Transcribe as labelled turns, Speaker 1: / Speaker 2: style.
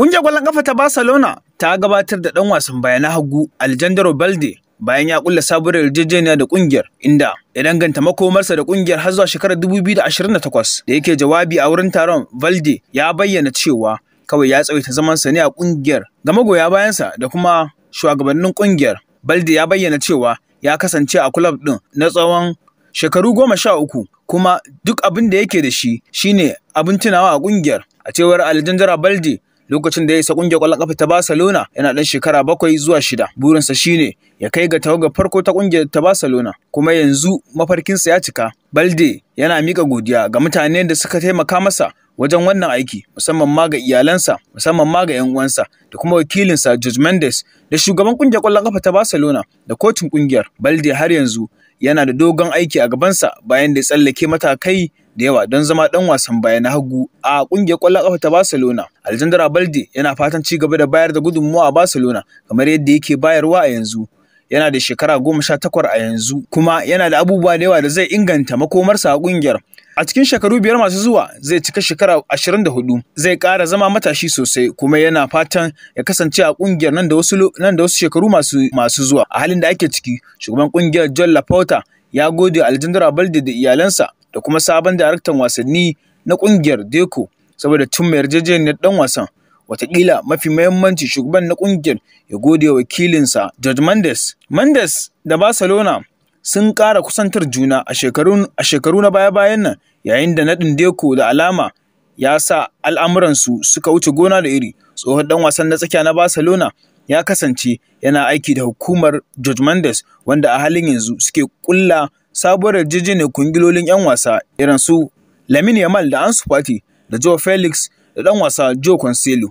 Speaker 1: Ƙungiyar ƙwallon ƙafa ta Barcelona ta gabatar da ɗan wasan baya na hagu Aljandro Balde bayan ya ƙulla sabuwar yarjejeniya da ƙungiyar inda ya danganta makomarsa da ƙungiyar har zuwa shekarar 2028 da yake jawabi a wurin taron Valde ya bayyana cewa kawai ya tsawaita zamansa ne a ƙungiyar ga magoya bayansa da kuma shugabannin ƙungiyar. Balde ya bayyana cewa ya kasance a kulab ɗin na tsawon shekaru goma sha uku kuma duk abin da yake da shi shine abin tunawa a ƙungiyar a cewar Aljandro Balde lokacin da ya isa ƙungiyar ƙwallon ƙafa ta Barcelona yana ɗan shekara bakwai zuwa shida. Burinsa shine ya kai ga tawagar farko ta ƙungiyar ta Barcelona kuma yanzu mafarkinsa ya cika. Balde yana miƙa godiya ga mutanen da suka taimaka masa wajen wannan aiki musamman ma ga iyalansa musamman ma ga 'yan uwansa da kuma wakilinsa George Mendes da shugaban kungiyar ƙwallon kafa ta Barcelona da kotun ƙungiyar Balde har yanzu yana da dogon aiki a gabansa bayan da ya tsallake matakai da yawa don zama dan wasan baya na hagu a kungiyar kwallon kafa ta Barcelona. Alexander Balde yana fatan ci gaba da bayar da gudunmawa a Barcelona kamar yadda yake bayarwa a yanzu. Yana da shekara goma sha takwar a yanzu kuma yana da abubuwa da yawa da zai inganta makomarsa a kungiyar. A cikin shekaru biyar masu zuwa zai cika shekara ashirin da hudu zai ƙara zama matashi sosai kuma yana fatan ya kasance a ƙungiyar nan da wasu nan da wasu shekaru masu masu zuwa a halin da ake ciki shugaban ƙungiyar John Laporta ya gode Alexander Balde da iyalansa da kuma sabon daraktan wasanni na kungiyar Deco saboda cimma yarjejeniyar ɗan wasan. Wataƙila mafi mahimmanci shugaban na ƙungiyar ya gode wa wakilinsa George Mendes. Mendes da Barcelona sun ƙara kusantar juna a shekaru na baya-bayan nan yayin da naɗin Deco da alama ya sa al'amuransu suka wuce gona da iri. Tsohon ɗan wasan na tsakiya na Barcelona ya kasance yana aiki da hukumar George Mendes wanda a halin yanzu suke ƙulla sabuwar yarjejeniyar kungilolin 'yan wasa irin su Lamine Yamal da Ansu Fati da Joe Felix da ɗan wasa Joe Cancelo.